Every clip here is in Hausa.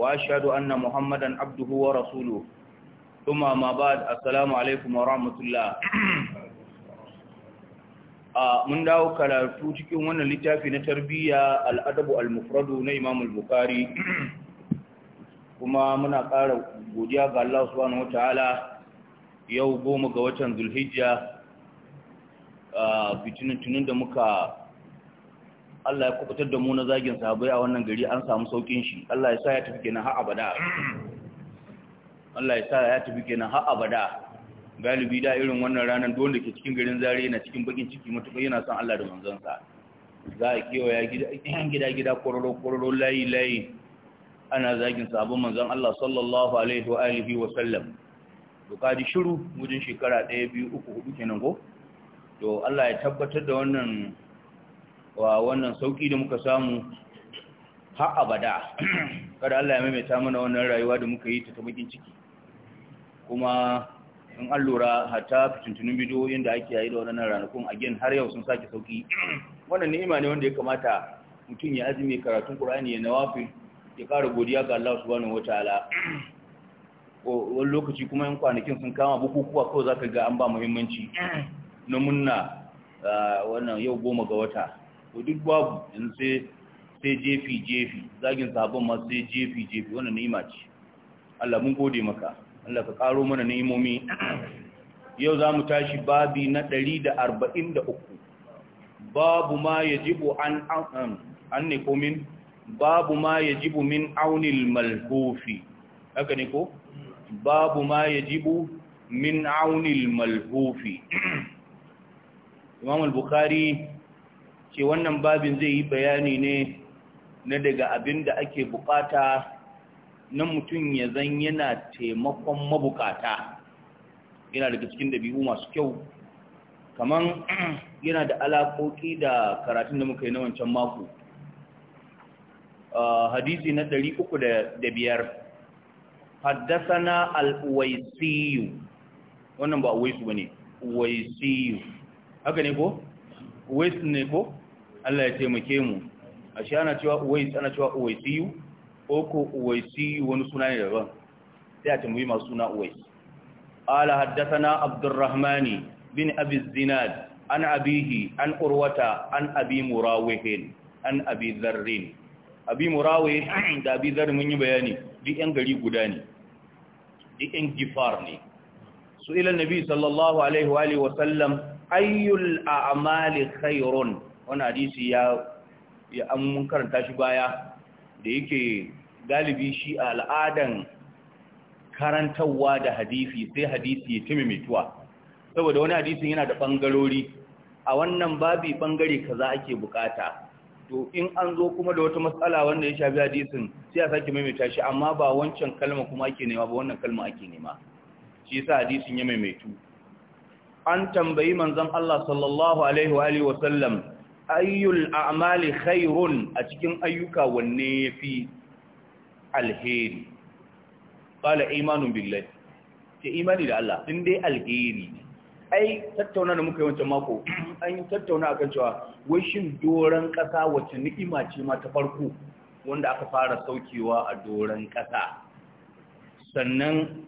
وأشهد أن محمدا عبده rasulu ثم ما بعد السلام عليكم ورحمة الله mun dawo karatu cikin wannan littafi na tarbiyya al'adabu al-mufradu na Imam al-Bukhari kuma muna ƙara godiya ga Allah subhanahu wataala yau goma ga watan Zulhijja fitinin tunin da muka Allah ya kubutar da mu na zagin sahabai a wannan gari an samu saukin shi Allah ya sa ya tafi kenan har abada Allah ya sa ya tafi kenan har abada galibi da irin wannan ranar da ke cikin garin zare na cikin bakin ciki mutuka yana son Allah da manzansa za a ya gida gida kororo kororo layi layi ana zagin sahabban manzon Allah sallallahu alaihi wa alihi wa sallam to kaji shiru wajen shekara 1 2 3 4 kenan ko to Allah ya tabbatar da wannan wa wannan sauki da muka samu ha abada kada Allah ya maimaita mana wannan rayuwa da muka yi ta ta ciki kuma in an lura hatta fitintunin bidiyoyin da ake yayi da wannan ranakun again har yau sun sake sauki wannan ni'ima ne wanda ya kamata mutum ya azumi karatun Qur'ani ya nawafil ya ƙara godiya ga Allah subhanahu wataala wani lokaci kuma yan kwanakin sun kama bukukuwa kawai zaka ga an ba muhimmanci mm. na munna ah, wannan yau goma ga wata ko duk babu in sai sai jefi jefi zagin sabon ma sai jefi jefi wannan ni'ima ce Allah mun gode maka Allah ka karo mana ni'imomi yau za mu tashi babi na 143 babu ma yajibu an an ne ko min babu ma yajibu min aunil malhufi haka ne ko babu ma yajibu min aunil malhufi Imam al-Bukhari ce wannan babin zai yi bayani ne na daga abin da ake bukata na mutum ya zan yana taimakon mabukata yana daga cikin dabi'u masu kyau kaman yana da alaƙoƙi da karatun da muka yi na wancan mako ah, hadisi na ɗari uku da biyar haddasana al'uwaisiyu wannan ba uwaisu ba ne uwaisiyu haka ne ko? uwaisu ne ko? Allah ya taimake mu ashe ana cewa uwais ana cewa uwaisiyu ko ko uwaisiyu wani suna ne daban sai a tambayi masu suna uwais qala haddathana abdurrahman bin abi zinad an abihi an urwata an abi murawih an abi dharrin abi murawih da abi dharrin mun yi bayani duk yan gari guda ne duk yan gifar ne su ila nabi sallallahu alaihi wa wa sallam ayyul a'mali khairun wani hadisi ya ya an karanta shi baya da yake galibi shi al'adan karantarwa da hadisi sai hadisi ya tumi mituwa saboda wani hadisin yana da bangarori a wannan babi bangare kaza ake bukata to in an zo kuma da wata matsala wanda ya shafi hadisin sai a sake maimaita shi amma ba wancan kalma kuma ake nema ba wannan kalma ake nema shi yasa hadisin ya maimaitu an tambayi manzon Allah sallallahu alaihi wa alihi wa sallam ayyul a'mali khairun a cikin ayyuka wanne yafi alheri qala imanun billahi ke imani da Allah din dai alheri ai tattauna da muka yi wancan mako an yi tattauna akan cewa wai shin doran kasa wacce ni'ima ce ma ta farko wanda aka fara saukewa a doran kasa sannan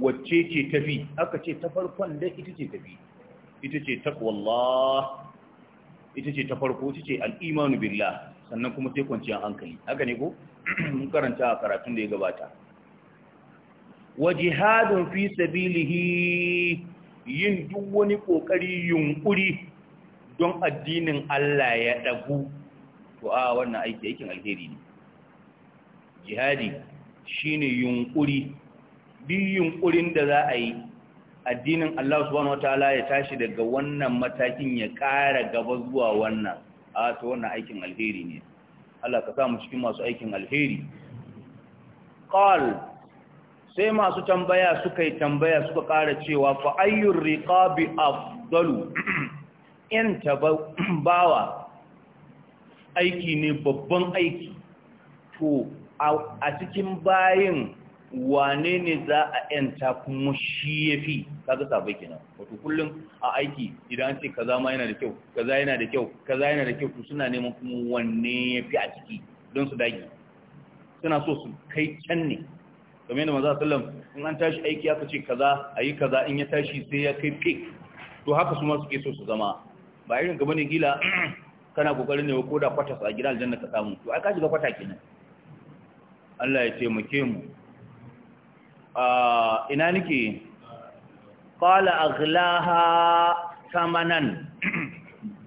wacce ce tafi aka ce ta farkon dai ita ce tafi ita ce taqwallah ita ce ta farko ita ce al'imanu billah sannan kuma sai kwanciyar hankali haka ne ko mun karanta a karatun da ya gabata wa jihadun fi sabilihi yin duk wani kokari yunkuri don addinin Allah ya dagu to a wannan aiki aikin alheri ne jihadi shine yunkuri bi yunkurin da za a yi addinin Allah subhanahu wataala ya tashi daga wannan matakin ya ƙara gaba zuwa wannan a to wannan aikin alheri ne Allah ka samu cikin masu aikin alheri qal sai masu tambaya suka yi tambaya suka ƙara cewa fa ayyur riqabi afdalu in tabawa aiki ne babban aiki to a cikin bayin wane ne za a ‘yanta kuma shi ya fi kaga sabai kenan wato kullum a aiki idan an ce kaza ma yana da kyau kaza yana da kyau kaza yana da kyau to suna neman kuma wanne ya fi a ciki don su dage suna so su kai can ne kamar yadda maza sallam in an tashi aiki aka ce kaza a yi kaza in ya tashi sai ya kai kai to haka su ma suke so su zama ba irin gaba ne gila kana kokarin ne ko da kwatas a gidan aljanna ka samu to ai ka shiga kwata kenan Allah ya taimake mu Ah, ina nake qala aghlaha samanan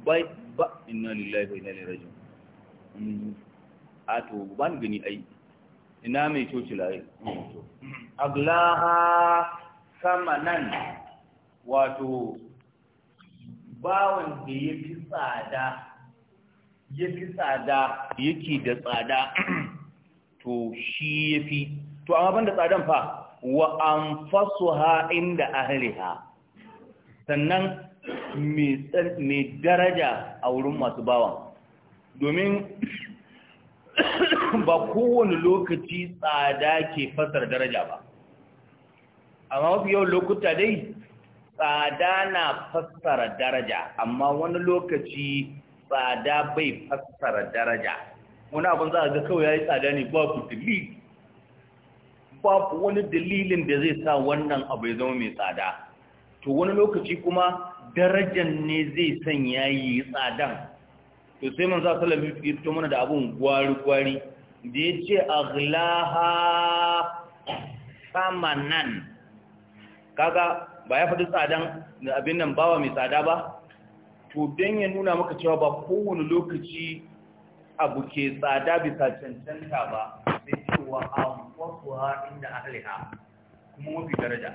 bai ba inna lillahi wa inna ilaihi raji'un a ah, to ban gani ai ina mai coci laye aghlaha samanan wato bawan da ya fi tsada ya fi tsada yake da tsada to shi ya fi to amma ban da tsadan fa wa anfasuha inda ahliha sannan mai daraja a wurin masu bawan domin ba kowane lokaci tsada ke fasar daraja ba amma wasu yawan lokuta dai tsada na fassara daraja amma wani lokaci tsada bai fassara daraja wani abin za a ga kawai ya yi tsada ne ba ku fitili babu wani dalilin da zai sa wannan abu ya zama mai tsada to wani lokaci kuma darajan ne zai sanya yi tsadan to sai man za su lafi fito mana da abun gwari-gwari da ya ce aghlaha samanan kaga ba ya faɗi tsadan da abin nan bawa mai tsada ba to don ya nuna maka cewa ba kowane lokaci abu ke tsada bisa cancanta ba sai cewa an inda ahliha kuma mafi daraja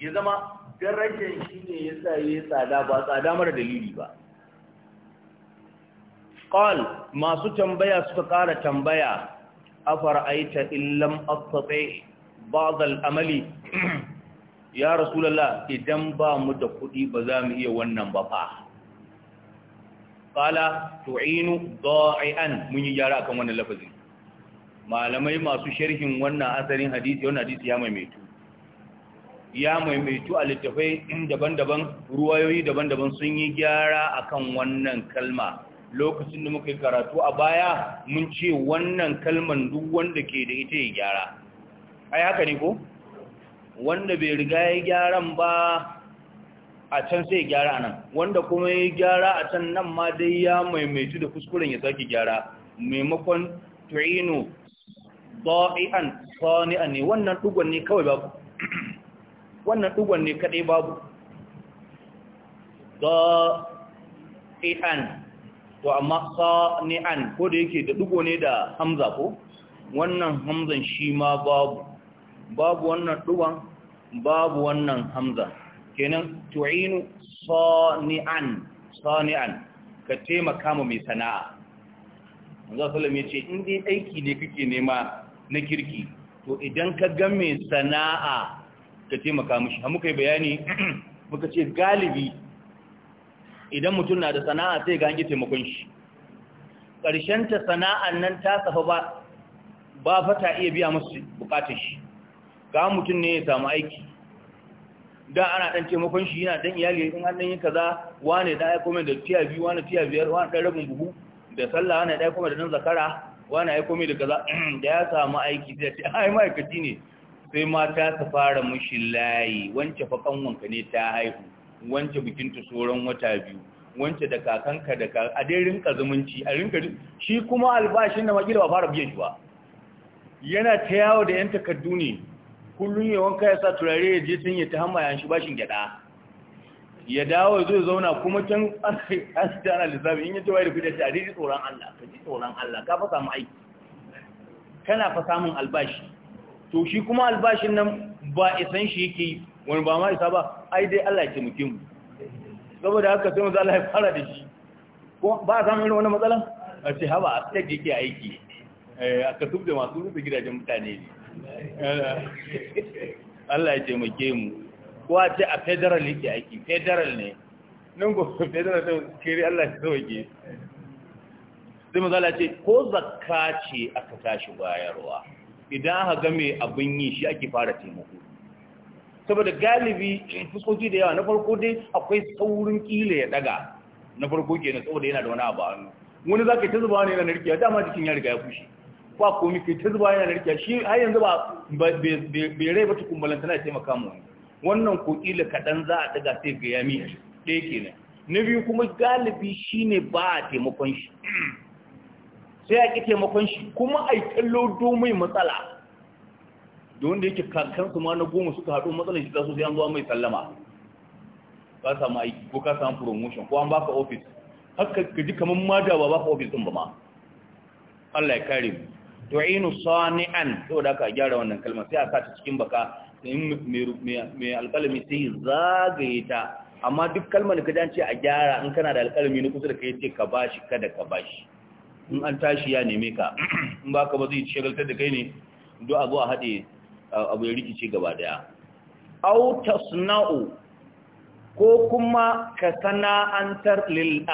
ya zama darajar shi ne ya sa ya tsada ba tsada mara dalili ba qal masu tambaya suka ƙara tambaya afara'aita illam astati ba'd al-amali ya rasulullah idan ba mu da kuɗi ba za mu iya wannan ba fa qala tu'inu da'ian mun yi yara akan wannan lafazin malamai masu sharhin wannan asarin hadisi wannan hadisi ya maimaitu ya maimaitu a littafai daban-daban ruwayoyi daban-daban sun yi gyara akan wannan kalma lokacin da muka yi karatu a baya mun ce wannan kalman duk wanda ke da ita ya gyara ai haka ne ko wanda bai riga ya gyaran ba a can sai gyara nan wanda kuma ya gyara a can nan ma dai ya maimaitu da kuskuren ya sake gyara maimakon tu'inu sa'i'an sani'an ne wannan dugon ne kawai babu wannan dugon ne kadai babu sa'i'an to amma sani'an ko da yake da dugo ne da hamza ko wannan hamzan shi ma babu babu wannan dugon babu wannan hamza kenan tu'inu sani'an sani'an ka taimaka mu mai sana'a manzo sallallahu alaihi wasallam yace in dai aiki ne kake nema na kirki to idan ka ga mai sana'a ka ce makamushi ha muka yi bayani muka ce galibi idan mutum na da sana'a sai ga an yi taimakon shi ta sana'an nan ta safa ba ba fata iya biya musu bukatar shi ga mutum ne ya samu aiki da ana dan taimakon shi yana dan iyali in an dan yi kaza wane da ya da tiya biyu wane tiya biyar wane dan rabin buhu da sallah wane da ya da nan zakara wani ya komai da kaza da ya samu aiki zai ce ai ma'aikaci ne sai mata su fara mushi layi wance fa wanka ne ta haihu wance bikinta sauran wata biyu wance da kakanka da ka a dai rinka zumunci a rinka shi kuma albashin da makila ba fara biyan shi ba yana ta yawo da yan takardu ne kullun ya wanka ya sa turare ya je sun yi ta hamayan shi bashin gyada ya dawo zai zauna kuma can an ta lissafi in yi cewa da kudi ta da tsoron Allah ka ji tsoron Allah ka fa samu aiki kana fa samun albashi to shi kuma albashin nan ba isan shi yake wani ba ma isa ba ai dai Allah ya taimake mu saboda haka sai manzo Allah ya fara da shi ko ba samu irin wani matsala? a ce haba a tsaye yake aiki eh, a kasub da masu rufe gidajen mutane ne eh, Allah ya taimake mu kowa ce a federal yake aiki federal ne nan ko federal ne kiri Allah ya sauke sai mazala ce ko zakka ce aka tashi bayarwa idan aka ga mai abin yi shi ake fara taimako saboda galibi fuskoki da yawa na farko dai akwai saurin kila ya daga na farko tsawo saboda yana da wani abu wani za ka yi ta zuba wani yana narkiya dama jikin ya riga ya fushi ba komi kai ta zuba yana narkiya shi har yanzu ba bai rai ba tukun balantana ya taimaka mu wani wannan ko kila kaɗan za a daga sai ga yami ɗaya kenan na biyu kuma galibi shine ba a taimakon shi sai a ƙi taimakon shi kuma a yi kallo mai matsala da wanda yake kankansu ma na goma suka haɗu matsalar shi zasu sai an zuwa mai sallama ka samu aiki ko ka samu promotion ko an baka ofis haka ka ji kamar ma da ba baka ofis ɗin ba ma Allah ya kare mu tu'inu sani'an saboda aka gyara wannan kalmar sai a sa ta cikin baka mai alƙalami sai zagaye ta amma duk kalmar ka dace a gyara in kana da alƙalami na kusa da kai ce ka shi, kada ka bashi in an tashi ya neme ka in ba ka ba zai shagaltar da kai ne duk a haɗe abu ya rikice gaba daya au na'u ko kuma ka sana'antar lil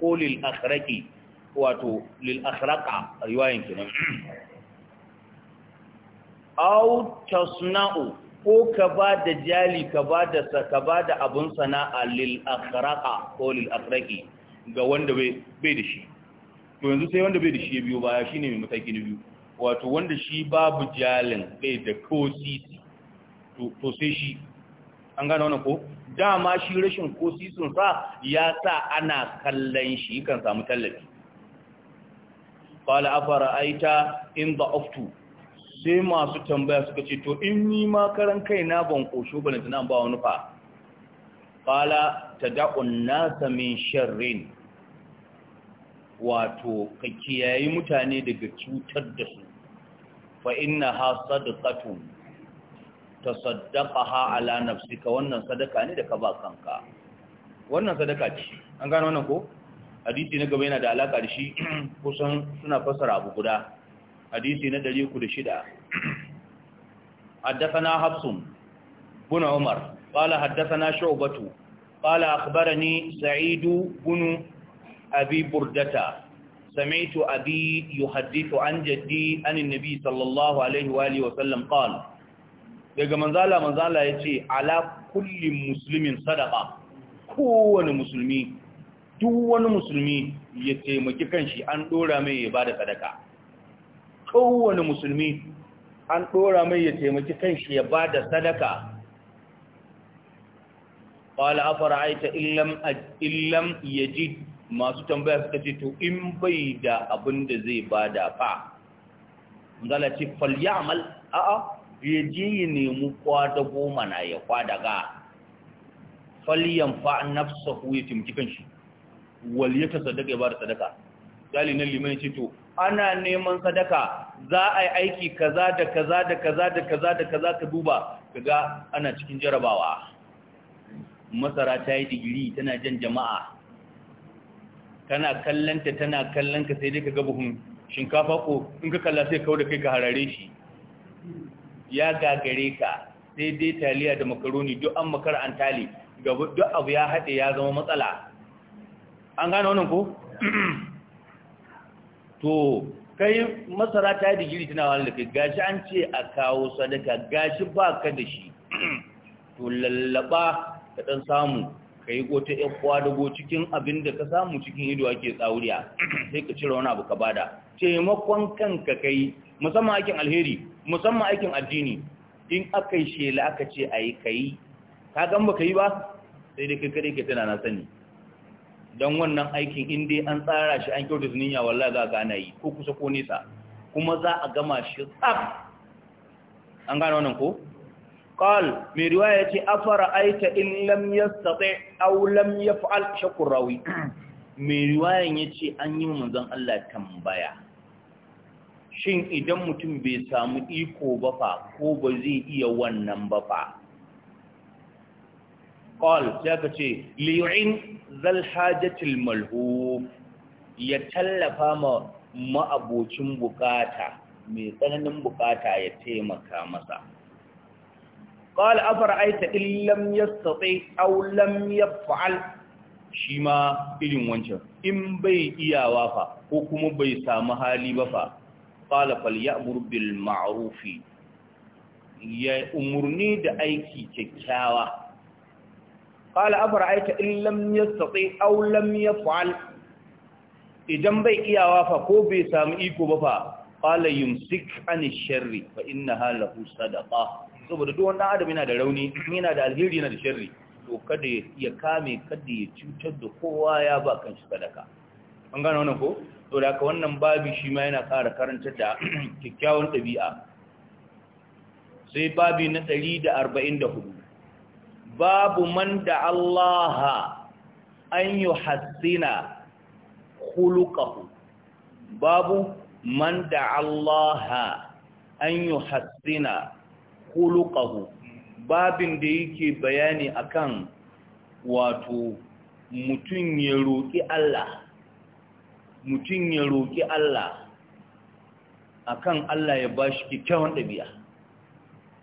ko lil'akharaki wato lil akhraqa riwayan kenan au tasna'u ko ka ba da jali ka ba da ka ba da abun sana'a lil akhraqa ko lil akhraqi ga wanda bai da shi to yanzu sai wanda bai da shi ya biyo baya shine mai mataki na biyu wato wanda shi babu jalin bai da kosisi to to sai shi an gane wannan ko dama shi rashin kosisin sa ya sa ana kallon shi kan samu tallafi qala afara aita in da'aftu sai masu tambaya suka ce to in ni ma karan kai na ban koso ba na ba wani fa qala tad'un nasa min sharrin wato ka kiyayi mutane daga cutar da su fa innaha sadaqatun tasaddaqaha ala nafsika wannan sadaka ne da ka ba kanka wannan sadaka ce an gano wannan ko hadisi na gaba yana da alaka da shi kusan suna fasara abu guda hadisi na 306 حدثنا حفص بن عمر قال حدثنا شعبة قال أخبرني سعيد بن أبي بردة سمعت أبي يحدث عن جدي عن النبي صلى الله عليه وآله وسلم قال daga manzala manzala ya ce ala kullum musulmin sadaka kowane musulmi duk wani musulmi ya taimaki kanshi an dora mai ya ba da sadaka kowane musulmi an ɗora mai ya taimaki kanshi ya ba da sadaka ƙwala afara aita illam ya ji masu tambaya suka ce to in bai da abin da zai ba da fa zala ce falyamal a'a ya je ya nemi kwada goma na ya kwada ga falyan fa nafsa ya taimaki kanshi wal ya ta sadaka ya ba da sadaka dalilin liman ce to ana neman sadaka za a yi aiki kaza da kaza da kaza da kaza da kaza ka duba kaga ana cikin jarabawa masara ta yi digiri tana jan jama'a Tana kallanta tana kallanka sai dai ka ga buhun shinkafa ko in ka kalla sai kawo da kai ka harare shi ya gagare ka sai dai taliya da makaroni duk an makar an tali duk abu ya haɗe ya zama matsala an gane wannan ko to kai masara ta yi digiri tana wani da kai gashi an ce a kawo sadaka gashi ba ka da shi to lallaba ka ɗan samu ka yi wata ‘yan kwadago cikin abin da ka samu cikin ido ake tsauriya sai ka cire wani abu ka bada taimakon kanka kai musamman aikin alheri musamman aikin addini in aka yi shela aka ce a yi ka yi ka gan ba ka yi ba sai dai kai kare ka tana na sani don wannan aikin in dai an tsara shi an kyautar niyya wallahi za a gana yi ko kusa ko nesa kuma za a gama shi tsab an gane wannan ko kawal mai riwaya a fara aita in lam yastati aw lam yaf'al shakur rawi mai riwayan ce an yi manzon Allah tambaya shin idan mutum bai samu iko bafa ko ba zai iya wannan ba fa qal sai ka ce liyu'in zalhajatul malhuf ya tallafa ma ma'abocin bukata mai tsananin bukata ya taimaka masa qala afara'aita illam yastati aw lam yaf'al shi ma irin wancan in bai iyawa fa ko kuma bai samu hali ba fa qala fal ya'mur bil ma'ruf ya umurni da aiki kyakkyawa abara aita in lam yastati au lam fa’al, idan bai iya wafa ko bai sami iko ba fa Kala yin an sharri fa innaha lahu sadaqa saboda duwan ɗan adam yana da rauni yana da alheri yana da sharri to kada ya kame kada ya cutar da kowa ya ba kan shi sadaka an gano wannan ko to da haka wannan babi shi ma yana ƙara karantar da kyakkyawan ɗabi'a sai babi na ɗari da da arba'in hudu. babu man da Allah an yi hassina hulukahu babu man da Allah an yi hassina hulukahu babin da yake bayani akan wato mutum ya roƙi Allah mutum ya roƙi Allah akan Allah ya bashi kyakkyawan ɗabi'a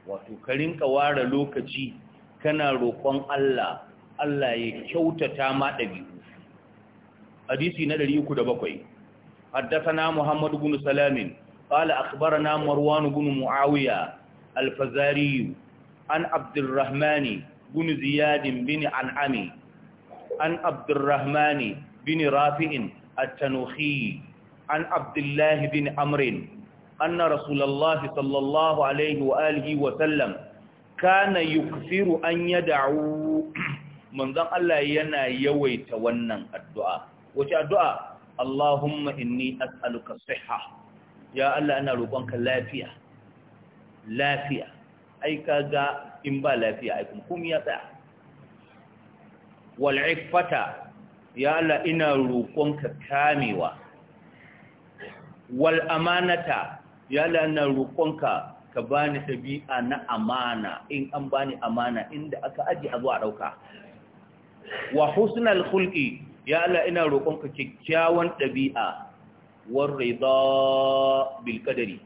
wato ka ware lokaci kana roƙon Allah Allah ya kyautata ma ɗabi'u hadisi na 307 haddathana Muhammad ibn Salam qala akhbarana Marwan ibn Muawiya al-Fazari an Abdurrahman ibn Ziyad bin An'ami an Abdurrahman bin Rafi'in at-Tanuhi an Abdullah bin Amrin. anna Rasulallah sallallahu alaihi wa alihi wa sallam kana yukfiru an yad'u manzon Allah yana yawaita wannan addu'a wace addu'a Allahumma inni as'aluka sihha ya Allah ina roƙonka lafiya lafiya ai kaga in ba lafiya ai kuma komai ya tsaya wal iffata ya Allah ina roƙonka kamewa wal amanata ya Allah ina roƙonka ka bani ɗabi'a na amana in an bani amana inda aka aji a zuwa ɗauka wa husnal khulqi ya Allah ina roƙonka kyakkyawan ɗabi'a war rida bil qadari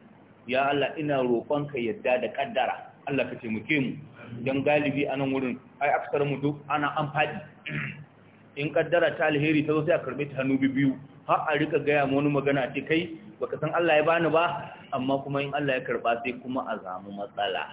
ya Allah ina roƙonka yadda da kaddara Allah ka taimake mu dan galibi anan wurin ai aksar mu duk ana an fadi in kaddara ta alheri ta zo sai a karbe ta hannu biyu har a rika gaya mu wani magana ce kai baka san Allah ya bani ba amma kuma in Allah ya karba sai kuma a zamu matsala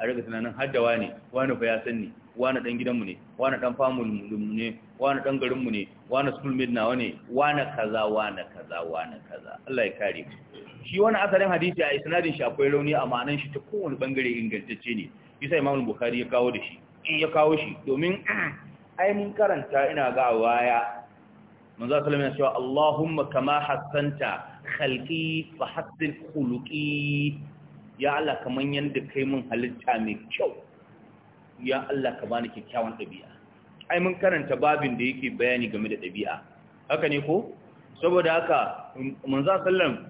a riga tunanin haddawa ne wani fa ya san ni wani dan gidanmu ne wani dan family mu ne wani dan garin mu ne wani schoolmate nawa ne wani kaza wani kaza wani kaza Allah ya kare ku shi wani asalin hadisi a isnadin shi akwai rauni a ma'anan shi ta kowane bangare ingantacce ne yasa Imam Bukhari ya kawo da shi in eh, ya kawo shi domin ai mun karanta ina ga waya manzo sallallahu alaihi wasallam ya ce Allahumma kama hassanta khalqi fa hasbil ya Allah kaman yanda kai mun halitta mai kyau ya Allah ka bani kyakkyawan ɗabi'a. ai mun karanta babin da yake bayani game da ɗabi'a. haka ne ko saboda haka manzo sallam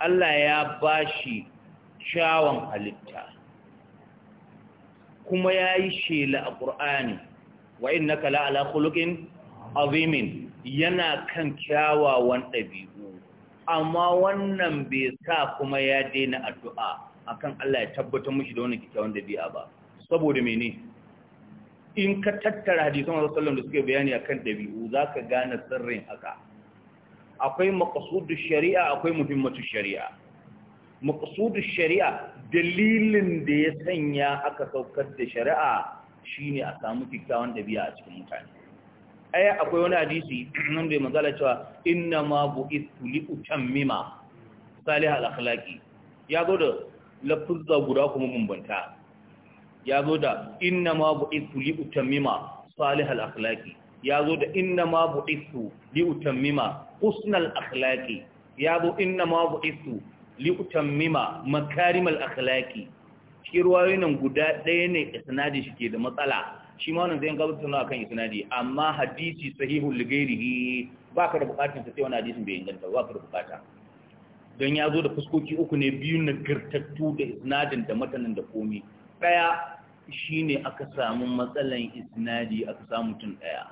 Allah ya bashi kyawun halitta kuma yayi shela a ƙur'ani, wa innaka la ala khuluqin azimin yana kan kyawawan ɗabi'u? amma wannan bai sa kuma ya daina addu'a akan Allah ya tabbatar mushi da wannan kikkiawan dabi'a ba saboda mene in ka tattara hadisan Rasulullah sallallahu da suke bayani akan dabi'u za ka gane sirrin haka akwai maqsudu shari'a akwai muhimmatu shari'a maqsudu shari'a dalilin da ya sanya aka saukar da shari'a shine a samu kikkiawan dabi'a a cikin mutane ai akwai wani hadisi nan bai manzala cewa inna ma bu'ithu li utammima salih al akhlaqi ya zo da lafzu guda kuma bambanta ya zo da inna ma bu'ithu li utammima salih al akhlaqi ya zo da inna ma bu'ithu li utammima husnal akhlaqi ya zo inna ma bu'ithu li utammima makarimal akhlaqi shi ruwayoyin guda ɗaya ne sanadi shi ke da matsala shi ma wannan zai gabatar suna akan isnadi amma hadisi sahihul lighairihi ba ka da bukatun sai wannan hadisin bai inganta ba ka da bukata don ya zo da fuskoki uku ne biyu na girtattu da isnadin da matanin da komi daya shine aka samu matsalan isnadi aka samu tun daya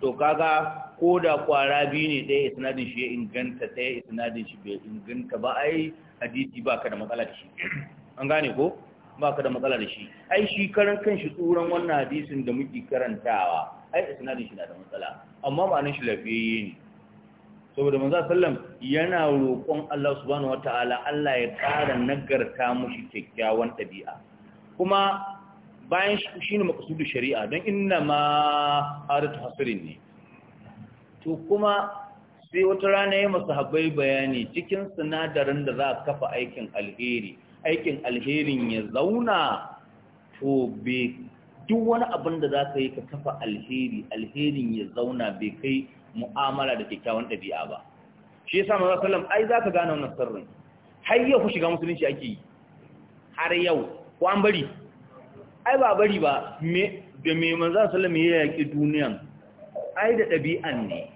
to kaga ko da kwara biyu ne ɗaya isnadin shi ya inganta ɗaya isnadin shi bai inganta ba ai hadisi ba ka da matsala da shi an gane ko ba ka da matsala da shi ai shi karan kanshi tsoron wannan hadisin da muke karantawa ai isnadin shi na da matsala amma ma'anar shi lafiyayye ne saboda manzo sallam yana roƙon Allah subhanahu wataala Allah ya ƙara nagarta mushi kyakkyawan ɗabi'a kuma bayan shi ne makasudu shari'a don inna ma arat hasirin ne to kuma sai wata rana ya masahabbai bayani cikin sinadarin da za a kafa aikin alheri aikin alherin ya zauna to be duk wani abin da za ka yi ka kafa alheri alherin ya zauna bai kai mu'amala da kyakkyawan ɗabi'a ba shi yasa maza sallam ai za ka gane wannan sirrin har yau ku shiga musulunci ake yi har yau ko an bari ai ba bari ba me da me maza sallam ya yaƙi duniyan ai da ɗabi'an ne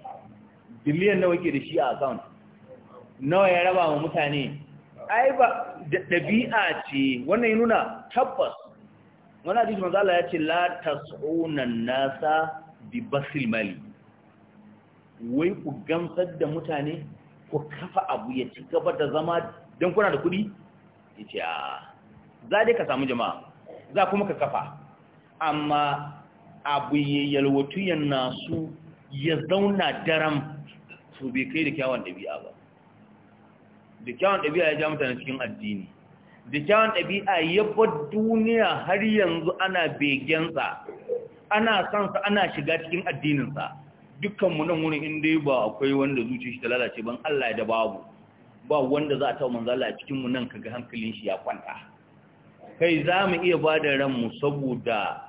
biliyan nawa ke da shi a account nawa ya raba wa mutane ai ba da ɗabi'a ce wannan ya nuna tabbas wani hadisi manzo Allah ya ce la nasa bi basil mali wai ku gamsar da mutane ku kafa abu ya ci gaba da zama don kuna da kuɗi yace a za dai ka samu jama'a za kuma ka kafa amma abu ya yalwatu ya nasu ya zauna daram to bai kai da kyawun ɗabi'a ba da kyawun ɗabi'a ya ja mutane cikin addini da kyawun ɗabi'a ya ba duniya har yanzu ana begensa ana sansa ana shiga cikin addininsa dukkanmu nan wurin inda yi ba akwai wanda zuci shi ta lalace ban Allah ya da babu ba wanda za a taɓa Allah a cikinmu nan kaga hankalin shi ya kwanta kai za mu iya ba da ran mu saboda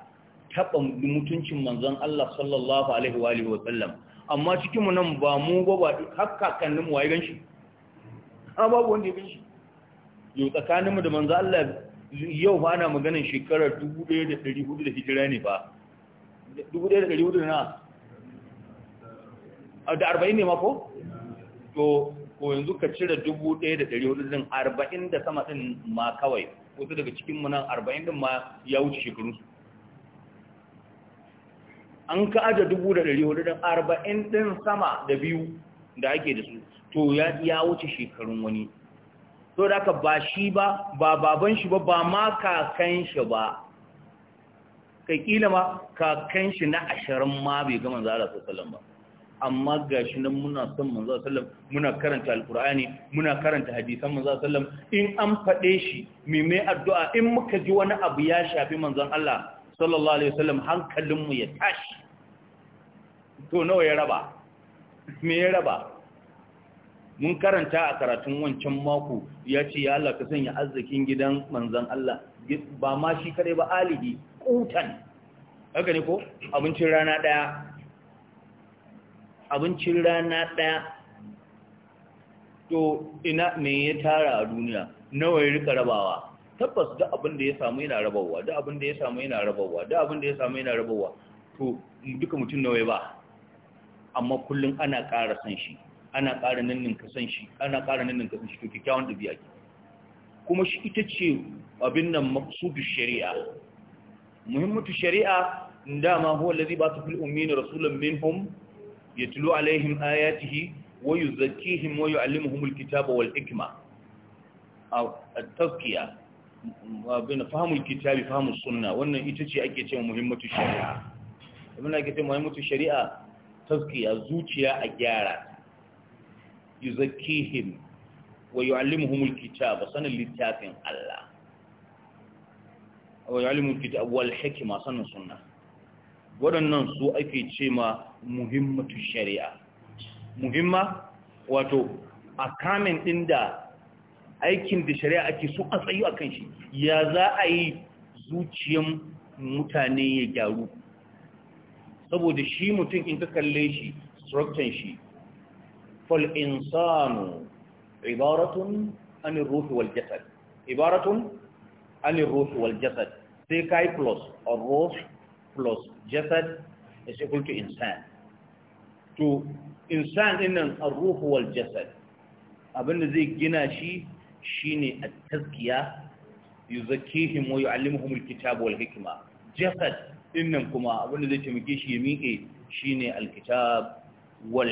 taɓa mutuncin manzon Allah sallallahu alaihi wa sallam amma cikinmu nan ba mu ba ba haka kan mu wai ganshi amma babu wanda ya gan shi yau tsakaninmu da manzo Allah yau ba na maganin shekarar 1400 da hijira ne ba 1400 na a da 40 ne ma ko? to ko yanzu ka cire 1400 din 40 da sama din ma kawai wasu daga cikin munan nan 40 din ma ya wuce shekaru su an ka aje 1400 din 40 din sama da biyu da ake da su to ya ya wuce shekarun wani to da ka ba shi ba ba baban shi ba ba ma kakan shi ba kai kila ma kakan shi na ashirin ma bai ga manzo Allah sallallahu ba amma gashi nan muna son manzo sallallahu muna karanta alqur'ani muna karanta hadisan manzo sallallahu in an fade shi me mai addu'a in muka ji wani abu ya shafi manzo Allah sallallahu alaihi wasallam hankalin mu ya tashi to nawa ya raba me ya raba mun karanta a karatun wancan mako ya ce ya Allah ka sanya arzikin gidan manzan Allah ba ma shi kare ba alihi kutan haka ne ko abincin rana daya abincin rana daya to ina me ya tara a duniya nawa ya rika rabawa tabbas da abin da ya samu yana rabawa da abin da ya samu yana rabawa da abin da ya samu yana rabawa to duka mutum nawa ba amma kullum ana ƙara san shi ana ƙara nannin kasan shi ana ƙara nannin kasan shi to kyakkyawan ɗabi'a ke kuma shi ita ce abin nan maqsudu shari'a muhimmatu shari'a dama huwa allazi ba fil ummiyina rasulan minhum yatlu alaihim ayatihi wa yuzakkihim wa yu'allimuhumul kitaba wal hikma aw at-tazkiya abin fahimul kitabi fahimul sunna wannan ita ce ake cewa muhimmatu shari'a abin da ake cewa muhimmatu shari'a tazkiya zuciya a gyara yuzakkihim wa yu'allimuhumul kitaba sanin littafin Allah wa yu'allimul kitaba wal hikma sanin sunna waɗannan su ake cewa muhimmatu shari'a muhimma wato a dinda aikin da shari'a ake so a tsayu a kan shi ya za a yi zuciyan mutane ya gyaru saboda shi mutum in ka kalle shi structure shi فالإنسان عبارة عن الروح والجسد عبارة عن الروح والجسد سيكاي بلس الروح بلس جسد is equal to إنسان to إنسان إن الروح والجسد zai gina shi shine at-tazkiya yuzakkihim wa yu'allimuhum al-kitaba wal hikma jasad innan kuma abin zai taimake shi ya miƙe shine al-kitab wal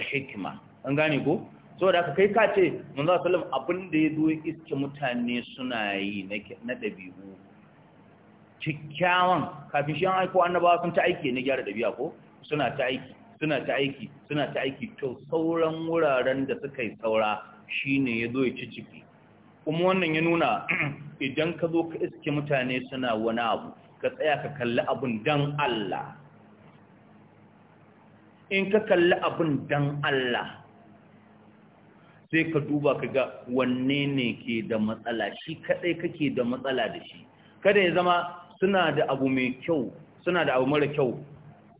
an gane ko da aka kai ka ce manzo sallam abin da ya zo iske mutane suna yi na dabi'u kikkiawan kafin shi an aiko annabawa sun ta aiki na gyara dabi'a ko suna ta aiki suna ta aiki suna ta aiki to sauran wuraren da suka yi saura shine ya zo ya ci ciki kuma wannan ya nuna idan ka zo ka iske mutane suna wani abu ka tsaya ka kalli abin dan Allah in ka kalli abin dan Allah sai ka duba ka ga wanne ne ke da matsala shi kadai kake da matsala da shi kada ya zama suna da abu mai kyau suna da abu mara kyau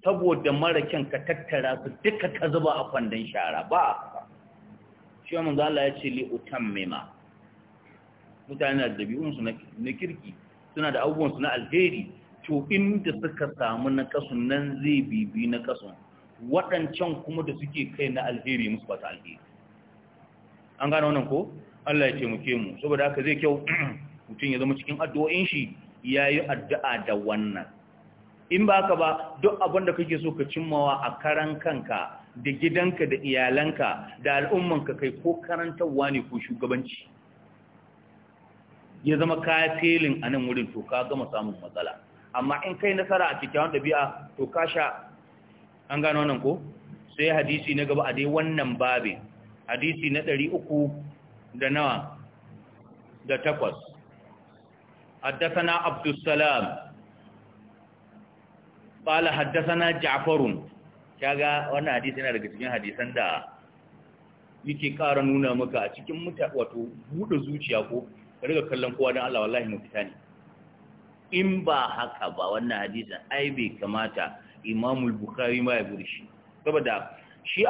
saboda mara kyan ka tattara su duka ka zuba a kwandon shara ba shi wani zala ya ce li mema mutane da dabi'un na kirki suna da abubuwan su na alheri to inda suka samu na kasu nan zai bibi na kasu waɗancan kuma da suke kai na alheri musu ba ta alheri an gane wannan ko Allah ya taimake mu saboda haka zai kyau mutum ya zama cikin addu'o'in shi yayi addu'a da wannan in ba ka ba duk abin da kake so ka cimmawa a karan kanka da gidanka da iyalanka da al'ummanka kai ko karantarwa ne ko shugabanci ya zama kaya felin a nan wurin to ka gama samun matsala amma in kai nasara a kyakkyawan ɗabi'a to ka sha an gano nan ko sai hadisi na gaba a dai wannan babin hadisi na ɗari uku da nawa da takwas haddasana عبد ƙala haddasana Jafarun. ya ga wannan hadisi yana daga cikin hadisan da yake ƙara nuna maka a cikin muta wato buɗe zuciya ko ka kallon kowa don Allah wallahi mu fita ne in ba haka ba wannan hadisan ai bai kamata Imamul Bukhari ma ya gurishi saboda shi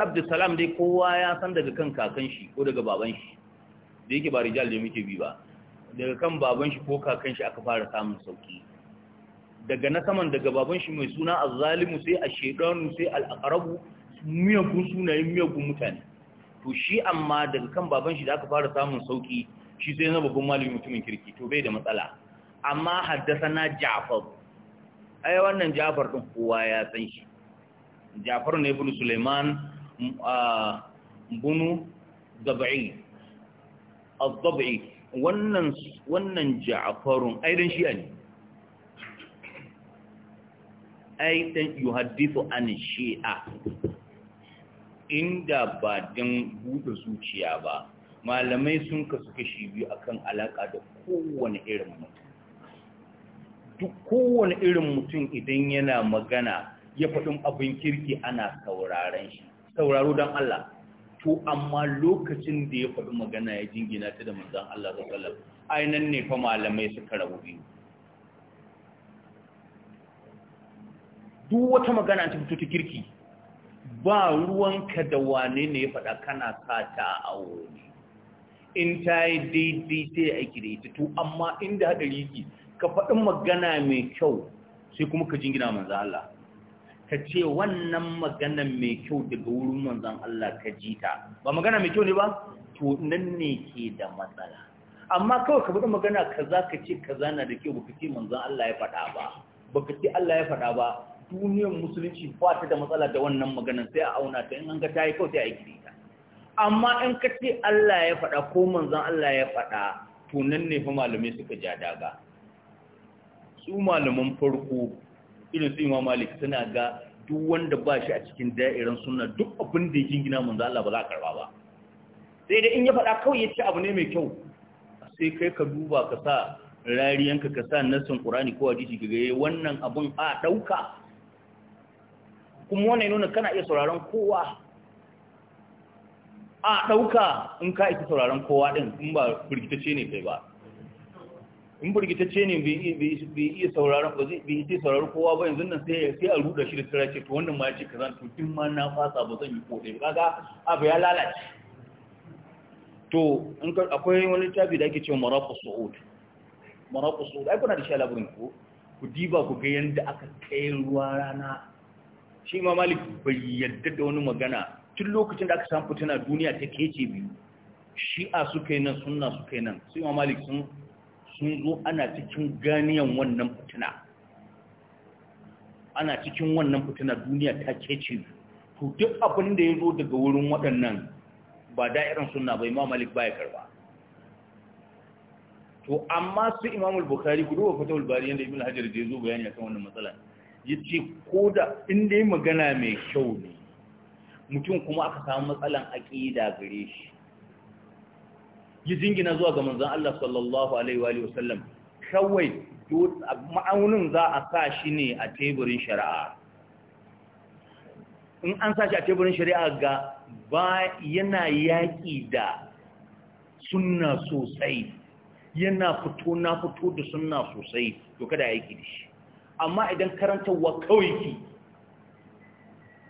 abdulsalam dai kowa ya san daga kan kakan shi ko daga baban shi da yake ba rijal da muke bi ba daga kan baban shi ko kakan shi aka fara samun sauki daga na saman daga baban shi mai suna azzalimu sai a shedanu sai al'aqrabu miyagun sunayen miyagun mutane to shi amma daga kan baban shi da aka fara samun sauki shi sai na babban malami mutumin kirki to bai da matsala amma haddasa na Ja'far ai wannan Ja'far din kowa ya san shi ja'far ne Suleiman sulaiman bunu dab'i wannan wannan ja'farun ai dan shi'a ne ai dan yuhaddithu an shi'a inda ba dan buɗe zuciya ba malamai sun kasu kashi biyu akan alaka da kowane irin mutum duk kowane irin mutum idan yana magana ya faɗin abin kirki ana sauraron shi sauraro don Allah to amma lokacin da ya faɗi magana ya jingina ta da manzan Allah sallallahu ainihin ne fa malamai suka rabu biyu duk wata magana ta fito ta kirki ba ruwanka da wane ne ya faɗa kana sa ta a wuri in ta yi daidai ta yi aiki da ita to amma inda haɗari ka faɗi magana mai kyau sai kuma ka jingina manzan Allah ka ce wannan magana mai kyau daga wurin manzan Allah ka ji ta ba magana mai kyau ne ba to nan ne ke da matsala amma kawai ka bada magana kaza ka ce kaza na da kyau baka ce manzon Allah ya faɗa ba baka ce Allah ya faɗa ba duniyar musulunci ba ta da matsala da wannan magana sai a auna ta in an ga ta yi kawai sai a yi ta amma in ka ce Allah ya faɗa ko manzan Allah ya faɗa to nan ne fa malamai suka ja daga su malaman farko irin su imam malik suna ga duk wanda ba shi a cikin da'irar suna duk abin da ya jingina manzo Allah ba za a karba ba sai dai in ya faɗa kawai ya ce abu ne mai kyau sai kai ka duba ka sa rariyanka ka sa nassin qur'ani ko hadisi ka ga eh, wannan abun a dauka kuma wannan nuna kana iya sauraron kowa a dauka in ka isa sauraron kowa din in ba firgitacce ne kai ba in ce ne bai iya sauraron kowa ba yanzu nan sai a ruda shi da tsira ce to wannan ma ya ce ka to tukin ma na fasa ba zan yi ko ɗaya kaga abu ya lalace to akwai wani littafi da ake cewa maraqu su'ud maraqu su'ud ai kuna da shi labarin ko ku diba ku ga yadda aka kai ruwa rana shi ma malik bai yadda da wani magana tun lokacin da aka samu fitina duniya ta kece biyu shi'a suka yi nan sunna suka yi nan su ma malik sun sun zo ana cikin ganiyan wannan fitina ana cikin wannan fitina duniya ta kece to duk abin da ya zo daga wurin waɗannan ba da'irin suna bai ma malik bai karba to amma su imamul bukhari ku duba fatahul bari yadda ibn hajar da ya zo bayani akan wannan matsala ya ce ko da inda ya magana mai kyau ne mutum kuma aka samu matsalan aƙida gare shi ya jingina zuwa ga Manzan Allah sallallahu alaihi wa sallam kawai ma'aunin za a sa shi ne a teburin shari'a in an sa shi a teburin shari'a ga ba yana yaƙi da suna sosai yana fito na fito da suna sosai to kada yaƙi da shi amma idan karantarwa kawai ki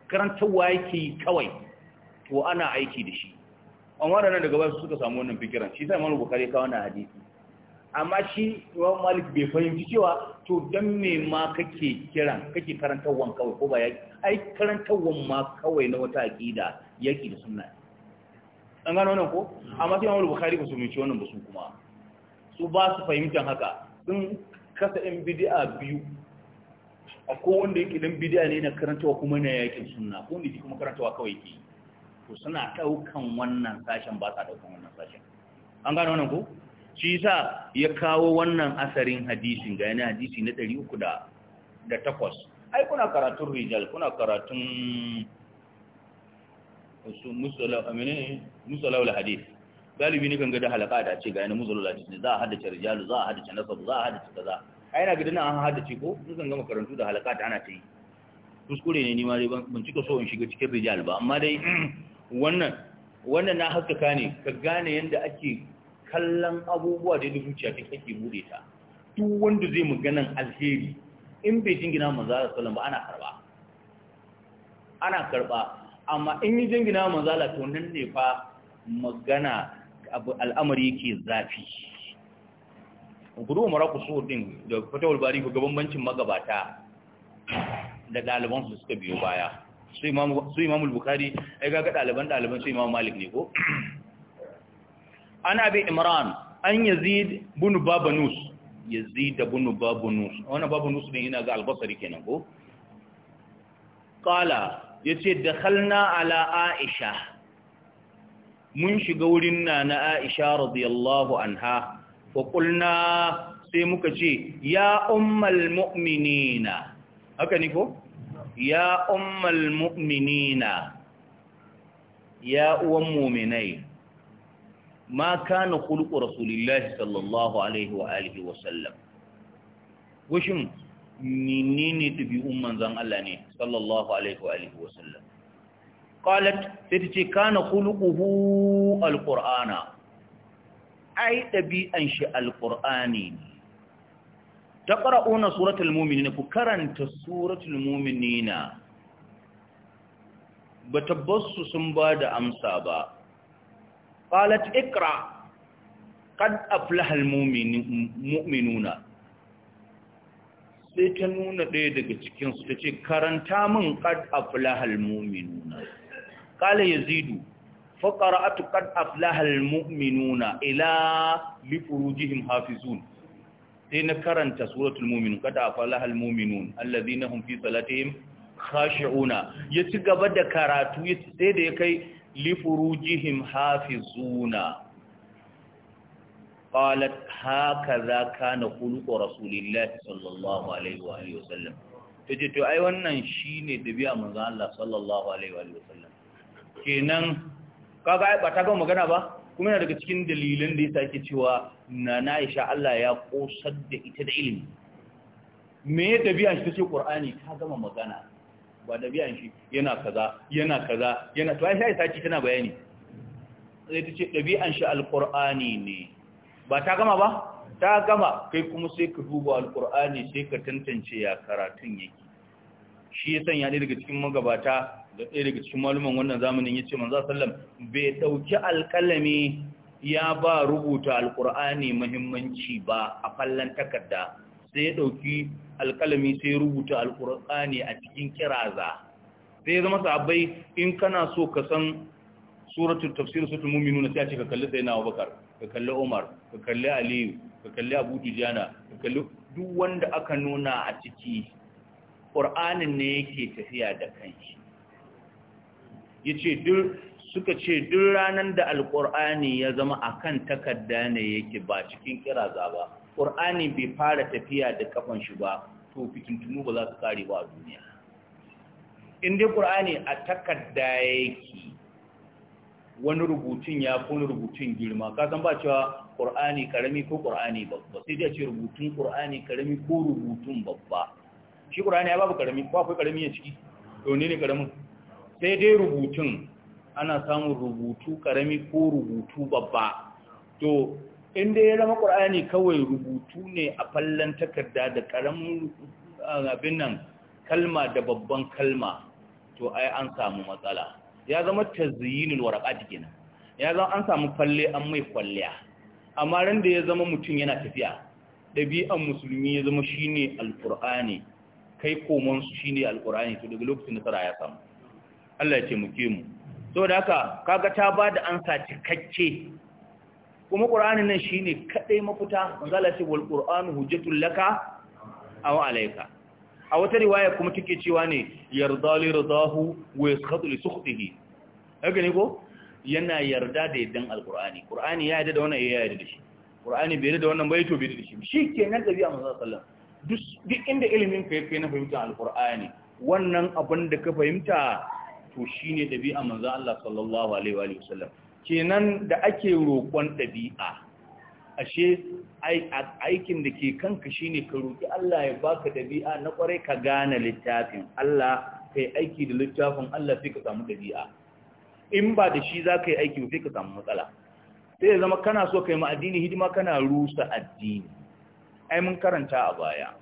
karantarwa yake kawai to ana aiki da shi an nan daga su suka samu wannan fikiran shi sai malu bukari ka wannan hadisi amma shi wa malik bai fahimci cewa to dan me ma kake kiran kake karantawan kawai ko ba yaki ai karantawan ma kawai na wata aqida yaki da sunna an gano wannan ko amma sai imam bukari ba su fahimci wannan ba su kuma su ba su fahimtan haka sun kasa in bid'a biyu akwai wanda yake dan bid'a ne na karantawa kuma na yakin sunna ko ne kuma karantawa kawai yake yi to suna ɗaukan wannan sashen ba sa ɗaukan wannan sashen an gano wannan ku? shi yasa ya kawo wannan asarin hadisin ga yana hadisi na 308 ai kuna karatun rijal kuna karatun musalawul hadis galibi ne kan ga da halaka da ce ga yana musalawul hadis ne za a haddace rijalu za a haddace nasabu za a haddace kaza ai na gidan an haddace ko nukan gama karatu da halaka da ana ta yi kuskure ne ni ma dai ban cika so in shiga cikin rijal ba amma dai wannan wannan na haskaka ne ka gane yadda ake kallon abubuwa da yadda zuciya ta kake bude ta duk wanda zai maganan alheri in bai jingina manzo Allah sallallahu ba ana karba ana karba amma in yi jingina manzo Allah to nan ne fa magana abu al'amari yake zafi gudu maraku su din da fatawul bari ku gabanbancin magabata da ɗalibansu suka biyo baya su imamu bukari ai ga ɗaliban ɗaliban su imamu malik ne ko ana bi imran an yazid bunu babanus yazid da bunu babanus wani babanus ne yana ga albasari kenan ko ƙala ya ce da halna ala aisha mun shiga wurin na na aisha radiyallahu anha faƙulna sai muka ce ya ummal mu'minina haka ni ko? ya ummal ya uwan muminai ma kana khuluqu rasulillahi sallallahu alaihi wa alihi wa sallam gushin menene dabi'un manzon Allah ne sallallahu alaihi wa alihi wa sallam qalat sai ce kana khuluquhu alqur'ana ai dabi'an shi alqur'ani ne taqra'una suratul mu'minina ku karanta suratul mu'minina Ba bassu sun bada amsa ba qalat ikra qad aflaha al mu'minuna sai ta nuna ɗaya daga cikin su tace karanta min qad aflaha al mu'minuna qala yazidu fa qara'atu qad aflaha al mu'minuna ila li furujihim hafizun sai na karanta suratul mumin kada afalahal mu'minun alladhina hum fi salatihim khashi'una ya ci gaba da karatu sai da ya kai li furujihim hafizuna qalat hakaza kana khuluqu rasulillahi sallallahu alaihi wa alihi wasallam tace to ai wannan shine dabi'a manzon Allah sallallahu alaihi wa alihi wasallam kenan kaga ai ba ta ga magana ba kuma yana daga cikin dalilan da ya sake cewa na Aisha Allah ya kosar da ita da ilimi me ya tabiya shi ta ce ƙur'ani ta gama magana ba tabiya shi yana kaza yana kaza yana to aisha ya sake tana bayani sai ta ce ɗabi'an shi alƙur'ani ne ba ta gama ba ta gama kai kuma sai ka duba alƙur'ani sai ka tantance ya karatun yake shi ya sanya ɗaya daga cikin magabata da ɗaya daga cikin maluman wannan zamanin ya ce manza sallam bai ɗauki alƙalami ya ba rubuta alƙur'ani mahimmanci ba a fallon takarda sai ya ɗauki alƙalami sai rubuta alƙur'ani a cikin kiraza sai ya zama sahabbai in kana so ka san suratul tafsir suratul mu'minun sai a ce ka kalli sayyidina Abubakar ka kalli Umar ka kalli Aliyu ka kalli Abu Dujana ka kalli duk wanda aka nuna a ciki ƙur'anin ne yake tafiya da kanshi yace duk suka ce duk ranar da Al-Qur'ani ya zama akan takarda ne yake ba cikin kiraza ba ƙur'ani bai fara tafiya da kafan shi ba to fitintunu ba za su kare ba a duniya in dai ƙur'ani a takarda yake wani rubutun ya fi wani rubutun girma ka san ba cewa ƙur'ani karami ko ƙur'ani babba sai dai ce rubutun ƙur'ani karami ko rubutun babba shi ƙur'ani ya babu ƙarami ko akwai ƙarami ya ciki to ne ne ƙaramin sai dai rubutun ana samun rubutu ƙarami ko rubutu babba to inda ya zama ƙur'ani kawai rubutu ne a fallon takarda da ƙaramin eh, abin nan kalma da babban kalma to ai an samu matsala ya zama tazyinul warqat kenan ya zama an samu falle an mai kwalliya amma ran ya zama mutum yana tafiya dabi'an musulmi ya zama shine alqur'ani kai komon su shine alqur'ani to daga lokacin nasara ya samu Allah ya ce mu ke mu saboda haka kaga ta bada ansa cikakke kuma qur'anin nan shine kadai mafuta manzo Allah ya ce wal qur'anu hujjatul laka aw alayka a wata riwaya kuma take cewa ne yarda li ridahu wa yaskhatu li sukhtihi haka ne ko yana yarda da yaddan alqur'ani qur'ani ya yarda da wannan ya yarda da shi qur'ani bai yarda da wannan bai to bai yarda da shi shikenan dabi'a manzo sallallahu alaihi wasallam duk inda ilimin ka yake na fahimta alqur'ani wannan abin da ka fahimta to shine dabi'a manzo Allah sallallahu alaihi wa sallam kenan da ake roƙon dabi'a ashe aikin da ke kanka shine ka roƙi Allah ya baka dabi'a na kwarai ka gane littafin Allah kai aiki da littafin Allah sai ka samu dabi'a in ba da shi za ka yi aiki sai ka samu matsala sai ya zama kana so kai ma addini hidima kana rusa addini ai mun karanta a baya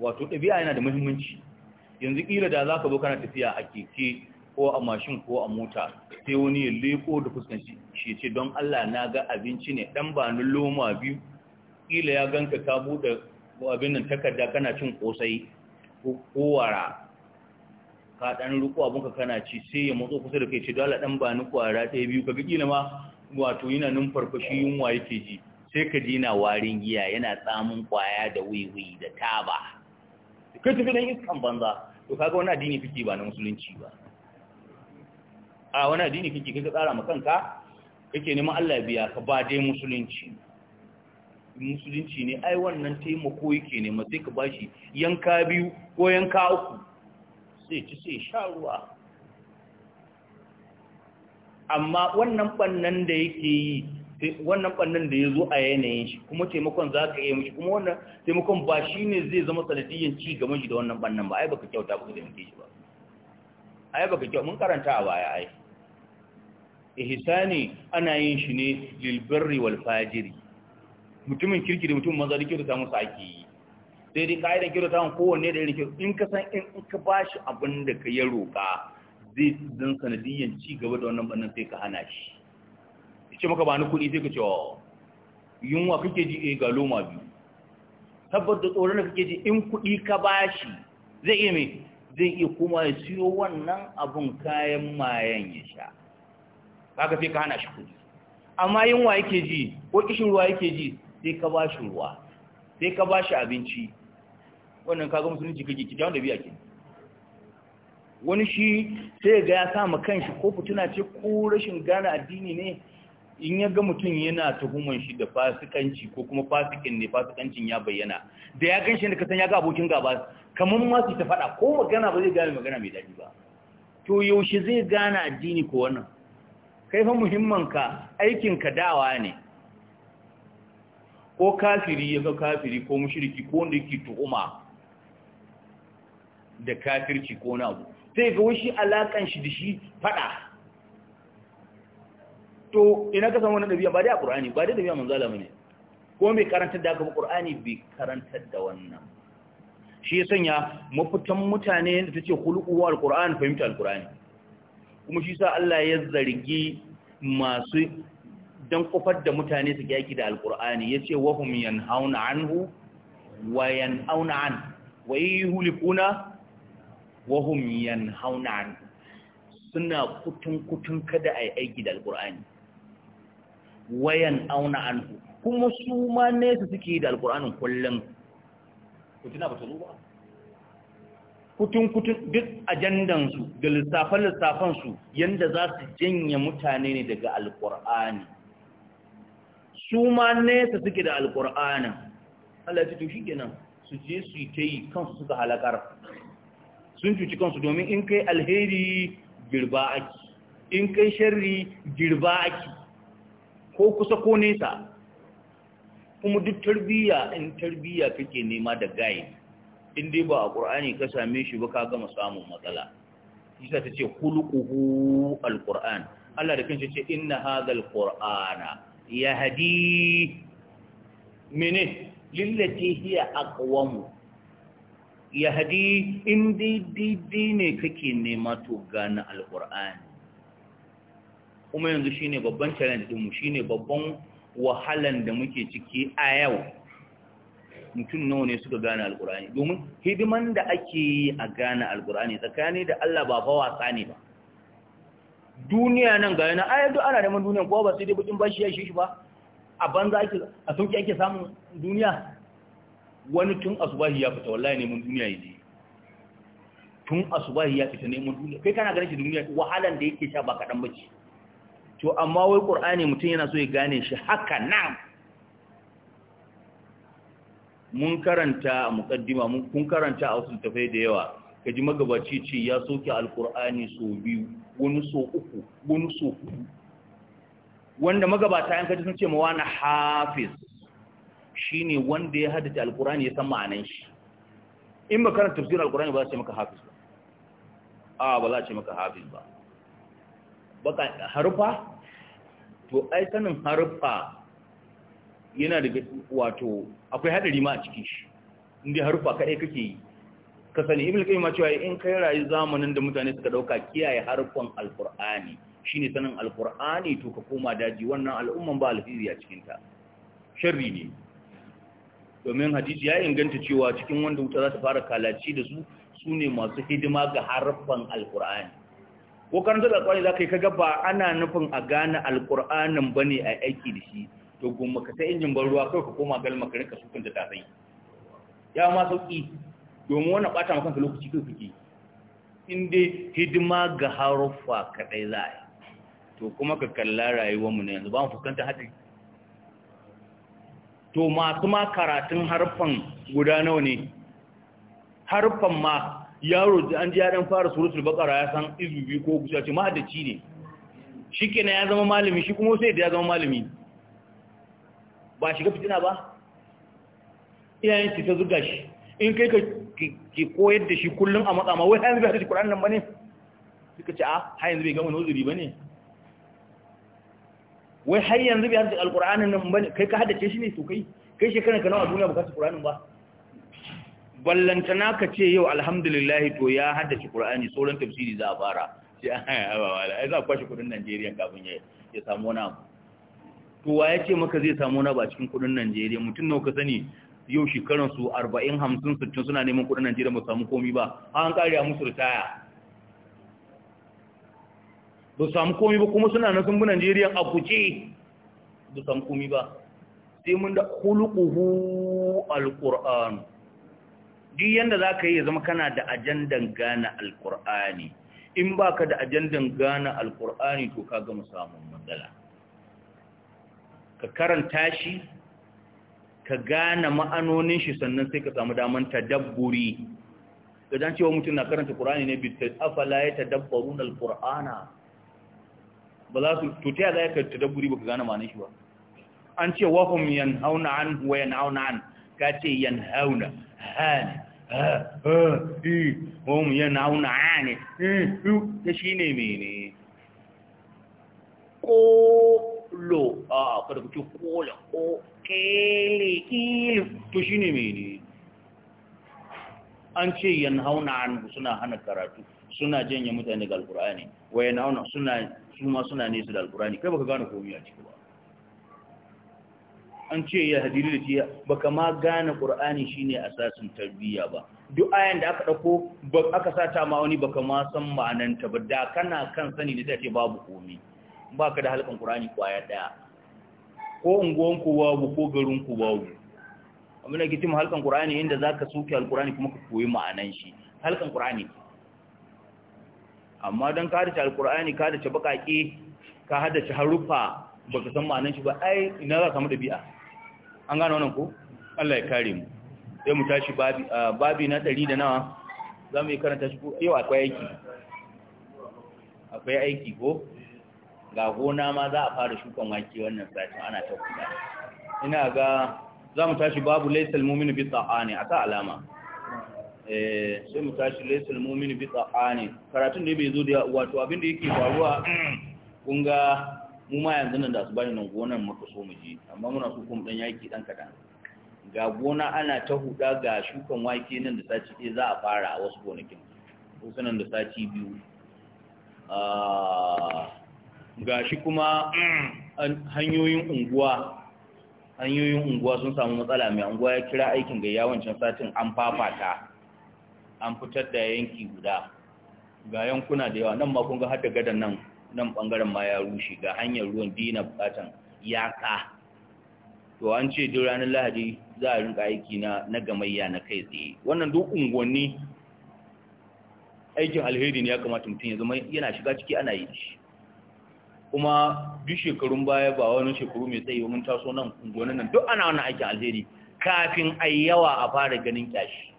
wato ɗabi'a yana da muhimmanci yanzu ƙila da za ka zo kana tafiya a keke ko a mashin ko a mota sai wani ya leko da fuskanci shi ce don Allah na ga abinci ne ɗan ba ni loma biyu ƙila ya ganka ka buɗe abin nan takarda kana cin ƙosai ko kowara. ka ɗan riko abinka kana ci sai ya motsa kusa da kai ce dole ɗan ba ni kwara ɗaya biyu ka ga ƙila ma wato yana numfarfashi yunwa yake ji sai ka ji na warin giya yana tsamin kwaya da wiwi da taba kai tafi dan iskan banza to kaga wani addini fiki ba na musulunci ba a wani addini fiki ka tsara ma kanka kake neman Allah biya ka ba dai musulunci musulunci ne ai wannan taimako yake ne ma sai ka bashi yanka biyu ko yanka uku sai ci sai sha ruwa amma wannan bannan da yake yi wannan bannan da ya zo a yanayin shi kuma taimakon za ka yi mashi kuma wannan taimakon ba shi ne zai zama sanadiyyar ci ga shi da wannan bannan ba ai baka kyauta baka taimake shi ba ai baka kyau mun karanta a baya ai ihsani ana yin shi ne lil birri wal fajiri mutumin kirki da mutumin maza da kyauta musu ake yi sai dai ka'idan kyauta mu kowanne da irin kyau in ka san in ka bashi abin da ka yi roƙa zai zan sanadiyyar ci gaba da wannan bannan sai ka hana shi ce maka ba ni kuɗi sai ka ce wa oh, yunwa kake ji eh, ga loma biyu tabbar da tsoron da kake ji in kuɗi ka bashi zai iya mai zai iya kuma ya siyo wannan abun kayan mayan ya sha kaga sai ka hana shi kuɗi amma yunwa yake ji ko kishin ruwa yake ji sai ka ba shi ruwa sai ka ba shi abinci wannan kaga musulunci kake ki jawo da biya ke wani shi sai ga ya sa ma kanshi ko fituna ce ko rashin gane addini ne in ya ga mutum yana tuhuman shi da fasikanci ko kuma fasikin ne fasikancin ya bayyana da ya ganshi da kasan ya ga abokin gaba kamar ma su ta faɗa ko magana ba zai gane magana mai daɗi ba to yaushe zai gane addini ko wannan kai fa muhimman ka aikin ka dawa ne ko kafiri ya ga kafiri ko mushriki ko wanda yake tuhuma da kafirci ko na abu sai ga wani alakan shi da shi faɗa to ina ka san wannan dabi'a ba dai a Qur'ani ba dai dabi'a manzo Allah bane ko mai karantar da aka Qur'ani bai karantar da wannan shi ya sanya mafitan mutane da tace khuluqu wal Qur'an fahimta al Qur'ani kuma shi sa Allah ya zargi masu dan kufar da mutane su gaki da alqur'ani yace wa hum yanhauna anhu wa yanauna an wa yuhlikuna wa hum yanhauna an suna kutun kutun kada ai aiki da alqur'ani wayan auna an kuma su ma nesa suke da alkur'anin kullum kutuna ba ta zo ba kutun-kutun duk ajandansu da lissafen-lissafensu yadda za su janye mutane ne daga alkur'ani su ma nesa suke da alkur'anin ce to shi kenan su je su yi ta yi kansu suka halakar sun cuci kansu domin in kai alheri girba ake in kai sharri girba ake ko kusa ko nesa kuma duk tarbiyya in tarbiyya kake nema da gayi in dai ba a ƙur'ani ka same shi ba ka gama samun matsala isa ta ce hulquhu alƙur'an Allah da kanshi ce inna hadhal qur'ana yahdi mene lillati hiya aqwam yahdi in dai ne kake nema to gane alƙur'ani kuma yanzu shi ne babban challenge din mu ne babban wahalan da muke ciki a yau mutum nawa ne suka gane alkur'ani domin hidiman da ake yi a gane alkur'ani tsakani da Allah ba fa wasa ne ba duniya nan ga yana ayar duk ana neman duniya kowa ba sai dai bukin bashi ya shi ba a banza ake a sauki ake samun duniya wani tun asubahi ya fita wallahi neman duniya ya je tun asubahi ya fita neman duniya kai kana ganin shi duniya wahalan da yake sha ba kaɗan bace to amma wai ƙur'ani mutum yana so ya gane shi haka nan mun karanta a mukaddima mun karanta a wasu tafai da yawa ka ji magabaci ce ya soke alƙur'ani so biyu wani so uku wani so hudu wanda magabata yan kaji sun ce ma wani hafiz shine wanda ya haddace alƙur'ani ya san ma'anan shi in ba karanta tafsirin alƙur'ani ba za a ce maka hafiz ba a ba za a ce maka hafiz ba baka harufa to ai sanin harufa yana da wato akwai hadari ma a cikin shi inda harufa kaɗai kake yi ka sani ibn qayyim ma cewa in kai rayu zamanin da mutane suka dauka kiyaye harufan alqur'ani shine sanin alqur'ani to ka koma daji wannan al'umman ba alfiri a cikin ta sharri ne domin hadisi ya inganta cewa cikin wanda wuta za ta fara kalaci da su sune masu hidima ga harfan alqur'ani ko karanta da alƙur'ani za ka yi kaga ba ana nufin a gane alƙur'anin ba ne a aiki da shi to goma ka ta injin ban ruwa kai ka koma galma ka rinka sukan da tasai ya ma sauƙi domin wannan ɓata ma kanka lokaci kai suke. in dai hidima ga haruffa kaɗai za a yi to kuma ka kalla rayuwarmu na yanzu ba mu fuskanta haɗari to masu ma karatun harfan guda nawa ne harfan ma yaro da an ji ya dan fara suratul baqara ya san izubi ko gusa ce mahaddaci ne shikenan ya zama malami shi kuma sai da ya zama malami ba shiga fitina ba iyayen su ta zuga shi in kai ka ke koyar da shi kullum a matsama wai yanzu bai haddace Qur'an nan bane suka ce a ah, har yanzu bai gama nuzuri bane wai har yanzu bai haddace al nan bane kai ka haddace shi ne to kai kai shekaran ka nawa duniya baka haddace Qur'anin ba ballantana ka ce yau alhamdulillah to ya haddace qur'ani sauran tafsiri za a fara sai ai za a kwashe kudin Najeriya kafin ya samu wani abu to wa ya ce maka zai samu wani abu a cikin kudin Najeriya mutum nawa ka sani yau shekaran su 40 50 60 suna neman kudin Najeriya ba samu komi ba an kare a musu ritaya ba samu komi ba kuma suna nan sun bi Najeriya a kuce ba samu komi ba sai mun da khuluquhu alqur'an duk yanda za ka yi ya zama kana da ajandan gane alkur'ani in ba ka da ajandan gane alkur'ani to ka gama samun matsala ka karanta shi ka gane ma'anonin shi sannan sai ka samu daman tadabburi da dan cewa mutum na karanta Ƙur'ani ne bi afala ya na alkur'ana ba za su to ta za ka tadabburi ka gane ma'anin shi ba an ce wa yan hauna an wa hauna an ka ce yan hauna han ohun yana ne ta shi ne mene a ko to shi ne mene an ce yana hauna suna hana karatu suna janye mutane ga alkur'ani wa yana hauna suna suma suna nesa da alkur'ani kai baka gane komiya a ciki ba an ce ya hadiri da jiya. baka ma gane qur'ani shine asasin tarbiyya ba duk ayan da aka dauko aka sata ma wani baka ma san ma'ananta ba da kana kan sani ne sai ce babu komai baka da halkan qur'ani kwaya daya ko unguwan ku babu ko garin ku babu amma ne kitim halkan qur'ani inda zaka soke alqur'ani kuma ka koyi ma'anan shi halkan qur'ani amma dan ka da alqur'ani ka da bakake ka hada haruffa baka san ma'anan shi ba ai ina za ka samu dabi'a an gano wannan ko Allah ya kare mu sai mu tashi babi babi na 100 da nawa za mu yi karanta shi ko yau akwai aiki akwai aiki ko ga gona ma za a fara shukan wake wannan satin ana ta kuɗa ina ga za mu tashi babu laysal muminu bi tsa'ani a alama eh sai mu tashi laysal muminu bi tsa'ani karatun da bai zo da wato abin da yake faruwa kun ga mu ma yanzu nan da su bani nan gonan muka so mu je amma muna so kuma dan yaki dan kadan ga gona ana ta huda ga shukan wake nan da sati ɗaya za a fara a wasu gonakin wasu nan da sati biyu ah, ga shi kuma hanyoyin unguwa hanyoyin unguwa sun samu matsala mai unguwa ya kira aikin gayya wancan satin an fafata an fitar da yanki guda ga yankuna da yawa nan ma kun ga har gadan nan nan ɓangaren ma ya rushe ga hanyar ruwan dina bukatan iyaka to an ce duk ranar lahadi za a rinka aiki na na gamayya na kai tsaye wannan duk unguwanni aikin alheri ne ya kamata mutum ya zama yana shiga ciki ana yi shi kuma duk shekarun baya ba wani shekaru mai tsayi mun taso nan unguwannin nan duk ana wannan aikin alheri kafin ayi yawa a fara ganin kyashi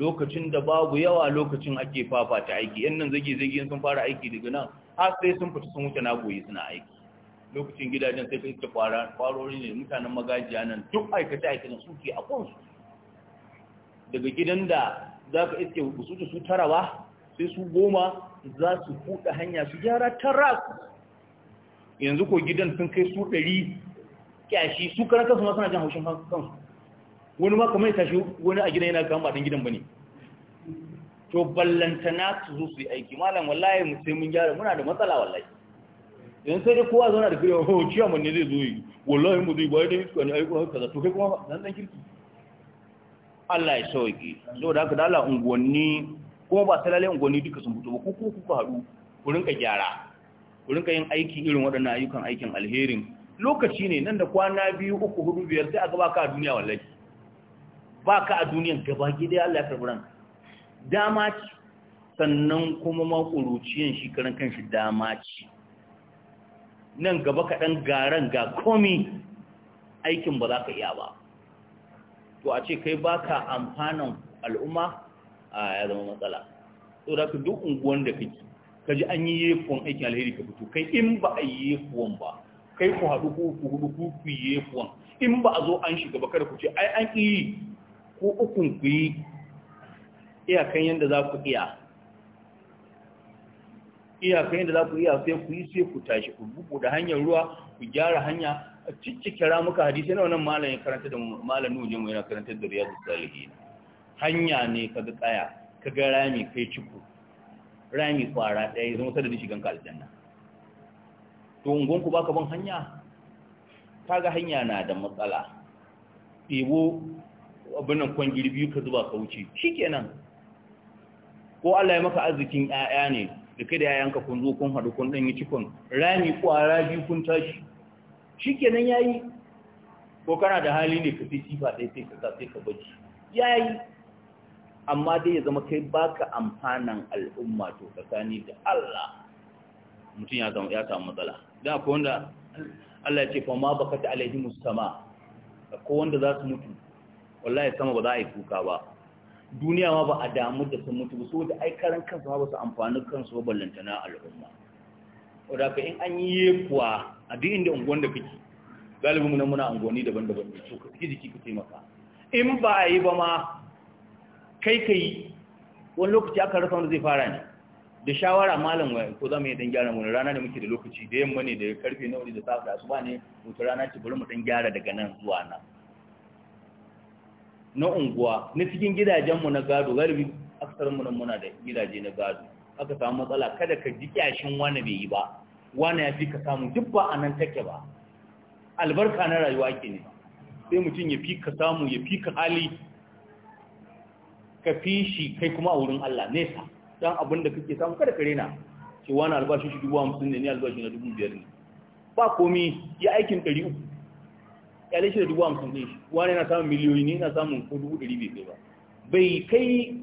lokacin da babu yawa lokacin ake fafata aiki yan nan zage-zage sun fara aiki daga nan har sai sun fita sun wuce na goyi suna aiki lokacin gidajen sai kai ta fara farori ne mutanen magajiya nan duk aikace aikacen suke a kansu daga gidan da za ka iske su su tara ba sai su goma za su kuɗa hanya su gyara tara yanzu ko gidan sun kai su ɗari kyashi su karanta su ma suna jan haushin kansu wani ma kamar tashi wani a gidan yana kama ɗan gidan ba ne to ballantana su zo su yi aiki malam wallahi mu sai mun gyara muna da matsala wallahi yanzu sai dai kowa zauna da kire ho ciya mun ne zai zo yi wallahi mu zai bai da iska ne aiko kaza to kai kuma dan dan kirki Allah ya sauke da haka da Allah unguwanni kuma ba sai lalle unguwanni duka sun fito ba Ko ku kuka haɗu ku rinka gyara ku rinka yin aiki irin waɗannan ayyukan aikin alherin lokaci ne nan da kwana biyu uku hudu biyar sai a gaba ka duniya wallahi ba ka a duniyan gaba gida Allah ya karɓi ranka dama ce sannan kuma makuruciyan shi karan kanshi dama ce nan gaba kaɗan garan ga komi aikin ba za ka iya ba to a ce kai ba ka amfanin al'umma a ya zama matsala to da ka duk unguwan da kake ka ji an yi yefuwan aikin alheri ka fito kai in ba a yi yekuwan ba kai ku haɗu ku hudu ku ku yi in ba a zo an shiga ba kada ku ce ai an yi ko ukun ku yi iyakan yadda za ku iya iyakan yadda za ku iya sai ku yi sai ku tashi ku buku da hanyar ruwa ku gyara hanya a ciccike ramuka hadisai na wannan malamin karanta da malamin nujin mai na karanta da riyar salihin hanya ne ka ga tsaya ka ga rami kai ciku rami fara ɗaya ya zama sadadin shigan ka aljanna to ku baka ban hanya kaga hanya na da matsala ɗebo abinan kwangiri biyu ka zuba ka wuce shi kenan ko Allah ya maka arzikin 'ya'ya ne da kai da yayan kun zo kun haɗu kun ɗan yi cikon rami a rabi kun tashi shi kenan ya yi ko kana da hali ne ka fi sifa ɗaya sai ka sai ka baci ya yi amma dai ya zama kai baka amfanan al'umma to tsakani da Allah mutum ya samu ya samu matsala da akwai wanda Allah ya ce fa ma baka ta alaihi sama akwai wanda za su mutu wallahi sama ba za a yi kuka ba duniya ma ba a damu da sun mutu so da ai karan kansu ba su amfani kansu ba ballantana al'umma wadda ka in an yi kuwa a duk inda unguwan da kake galibin muna muna unguwanni daban-daban ne so ka fi jiki ka taimaka in ba a yi ba ma kai ka yi wani lokaci aka rasa wanda zai fara ne da shawara malam wa ko za mu yi dan gyara wani rana ne muke da lokaci da yamma ne da karfe na wani da safiya su ba ne mutu rana ce bari mu dan gyara daga nan zuwa nan na unguwa na cikin gidajenmu na gado galibi aksarinmu nan muna da gidaje na gado aka samu matsala kada ka ji kyashin wani bai yi ba wani ya fi ka samu duk ba a nan take ba albarka na rayuwa ke ne sai mutum ya fi ka samu ya fi ka hali ka fi shi kai kuma a wurin Allah nesa don abin da kake samu kada ka rena ce wani albashin shi dubu hamsin ne ni albashi na dubu biyar ne ba komi ya aikin ɗari uku kyale shi da dubu hamsin ne shi wani na samun miliyoyi ne na samun ko dubu ɗari bai kai ba bai kai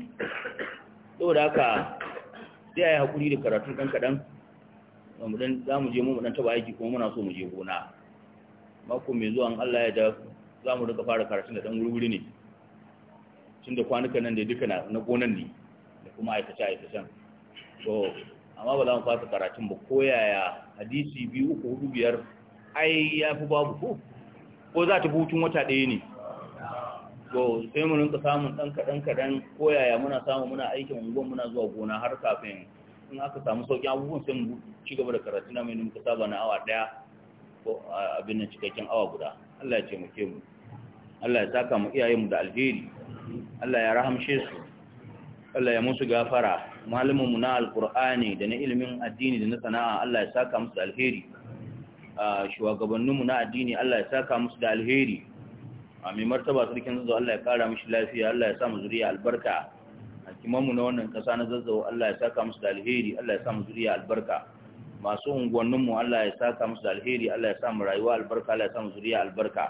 saboda haka sai a yi haƙuri da karatun ɗan kaɗan za mu je mu ɗan taɓa aiki kuma muna so mu je gona mako mai zuwa Allah ya da za mu rika fara karatun da ɗan wuri ne tun da kwanukan nan da duka na gonan ne da kuma aikace-aikacen so amma ba za mu fasa karatun ba koyaya hadisi biyu uku hudu biyar ai ya fi babu ko ko za ta hutun wata ɗaya ne ko sai mu rinka samun ɗan kaɗan kaɗan ko yaya muna samu muna aikin unguwan muna zuwa gona har kafin in aka samu sauƙin abubuwan sai mu ci gaba da karatu na mai ka saba na awa ɗaya ko abin nan cikakken awa guda Allah ya ce mu ke mu Allah ya saka mu iyayenmu da alheri Allah ya rahamshe su Allah ya musu gafara malamin mu na alqur'ani da na ilimin addini da na sana'a Allah ya saka musu alheri shugabanninmu na addini Allah ya saka musu da alheri a mai martaba sarkin zazzau Allah ya kara mishi lafiya Allah ya sa mu zuriya albarka A kimanmu na wannan ƙasa na zazzau Allah ya saka musu da alheri Allah ya sa mu zuriya albarka masu unguwanninmu Allah ya saka musu da alheri Allah ya sa mu rayuwa albarka Allah ya sa mu zuriya albarka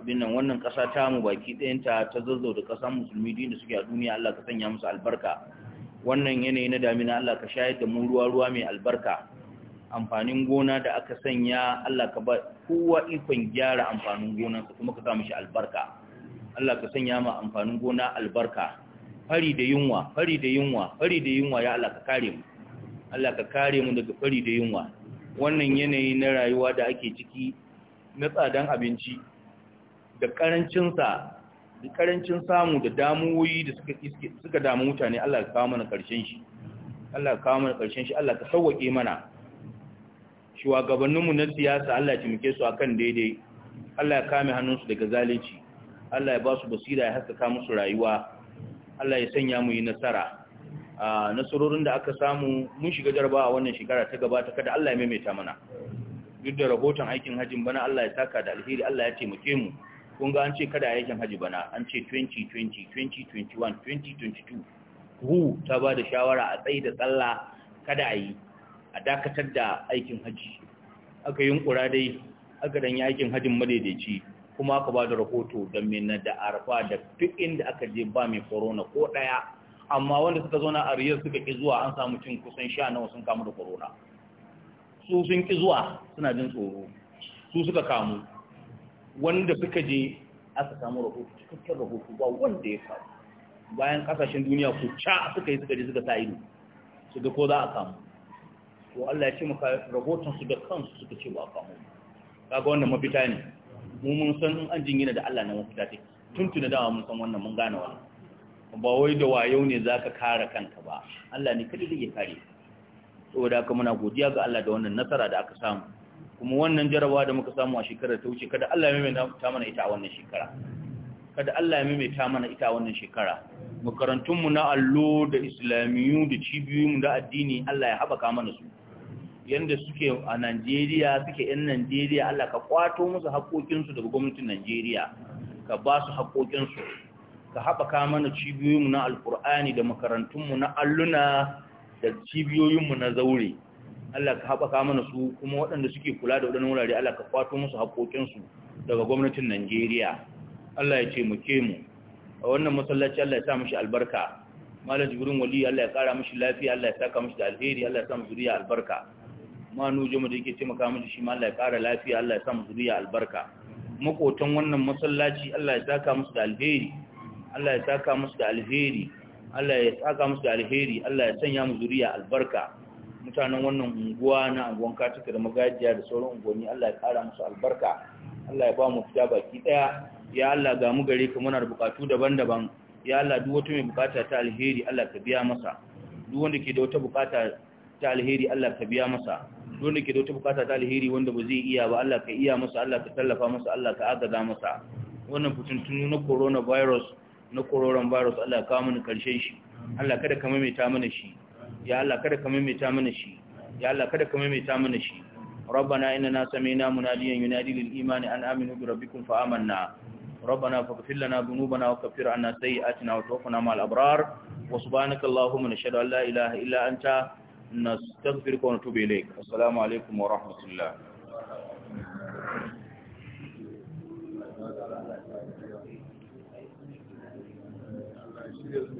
abin nan wannan ƙasa ta mu baki ɗayanta ta zazzau da kasan musulmi da suke a duniya Allah ka sanya musu albarka wannan yanayi na damina Allah ka shayar da mu ruwa ruwa mai albarka amfanin gona da aka sanya Allah ka ba kowa ikon gyara amfanin gonarsa kuma ka samu shi albarka Allah ka sanya ma amfanin gona albarka fari da yunwa fari da yunwa fari da yunwa ya Allah ka kare mu Allah ka kare mu daga fari da yunwa wannan yanayi na rayuwa da ake ciki na tsadan abinci da karancin sa da karancin samu da damuwoyi da suka suka damu mutane Allah ka kawo mana karshen shi Allah ka kawo mana karshen shi Allah ka sauke mana shugabanninmu na siyasa Allah ya taimake su akan daidai Allah ya kame hannunsu daga zalunci Allah ya ba su basira ya haskaka musu rayuwa Allah ya sanya mu yi nasara a nasarorin da aka samu mun shiga jarabawa wannan shekara ta gabata kada Allah ya maimaita mana duk da rahoton aikin hajin bana Allah ya saka da alheri Allah ya taimake mu kun ga an ce kada aikin haji bana an ce 2020 2021 2022 hu ta ba da shawara a tsayi da tsalla kada a yi a dakatar da aikin haji aka yunkura dai aka dan yi aikin hajin madaidaici kuma aka ba da rahoto da minna da arfa da duk inda aka je ba mai corona ko daya amma wanda suka zauna a riyar suka ki zuwa an samu cin kusan sha nawa sun kamu da corona su sun ki zuwa suna jin tsoro su suka kamu wanda suka je aka samu rahoto cikakken rahoto ba wanda ya kamu bayan kasashen duniya ku ca suka yi suka je suka sa ido su ga ko za a kamu to Allah ya ce maka rahoton su da kansu suka ce ba kamo kaga wannan mafita ne mu mun san in an jingina da Allah na mafita take tuntuna da mun san wannan mun gane wannan ba wai da wayo ne zaka kare kanka ba Allah ne kada zai kare saboda haka muna godiya ga Allah da wannan nasara da aka samu kuma wannan jarabawa da muka samu a shekarar ta wuce kada Allah ya maimaita mana ita a wannan shekara kada Allah ya maimaita mana ita wannan shekara makarantunmu na allo da islamiyu da cibiyoyinmu da addini Allah ya haɓaka mana su yadda suke a Najeriya suke 'yan Najeriya Allah ka kwato musu haƙoƙinsu daga gwamnatin Najeriya ka ba su haƙoƙinsu ka haɓaka mana cibiyoyinmu na alƙur'ani da makarantunmu na alluna da cibiyoyinmu na zaure Allah ka haɓaka mana su kuma waɗanda suke kula da waɗannan wurare Allah ka kwato musu haƙoƙinsu daga gwamnatin Najeriya Allah ya ce mu ke mu a wannan masallaci Allah ya sa mishi albarka malam jibrin wali Allah ya kara mishi lafiya Allah ya saka mishi da alheri Allah ya sa mu zuriya albarka nu jama da yake taimaka mishi shi ma Allah ya kara lafiya Allah ya sa mu zuriya albarka makotan wannan masallaci Allah ya saka musu da alheri Allah ya saka musu da alheri Allah ya saka musu da alheri Allah ya sanya mu zuriya albarka mutanen wannan unguwa na unguwan Katika da Magajiya da sauran unguwanni Allah ya kara musu albarka Allah ya ba mu fita baki daya ya Allah ga mu gare ka muna da bukatu daban-daban ya Allah duk wata mai bukata ta alheri Allah ka biya masa duk wanda ke da wata bukata ta alheri Allah ka biya masa duk wanda ke da wata bukata ta alheri wanda ba zai iya ba Allah ka iya masa Allah ka tallafa masa Allah ka agaza masa wannan fitintunu na coronavirus na coronavirus Allah ka mana karshen shi Allah kada ka maimaita mana shi ya Allah kada ka maimaita mana shi ya Allah kada ka maimaita mana shi ربنا إننا سمينا مناديا ينادي للإيمان أن آمنوا بربكم فآمنا ربنا فاغفر لنا ذنوبنا وكفر عنا سيئاتنا وتوفنا مع الأبرار وسبحانك اللهم نشهد أن لا إله إلا أنت نستغفرك ونتوب إليك والسلام عليكم ورحمة الله Thank you.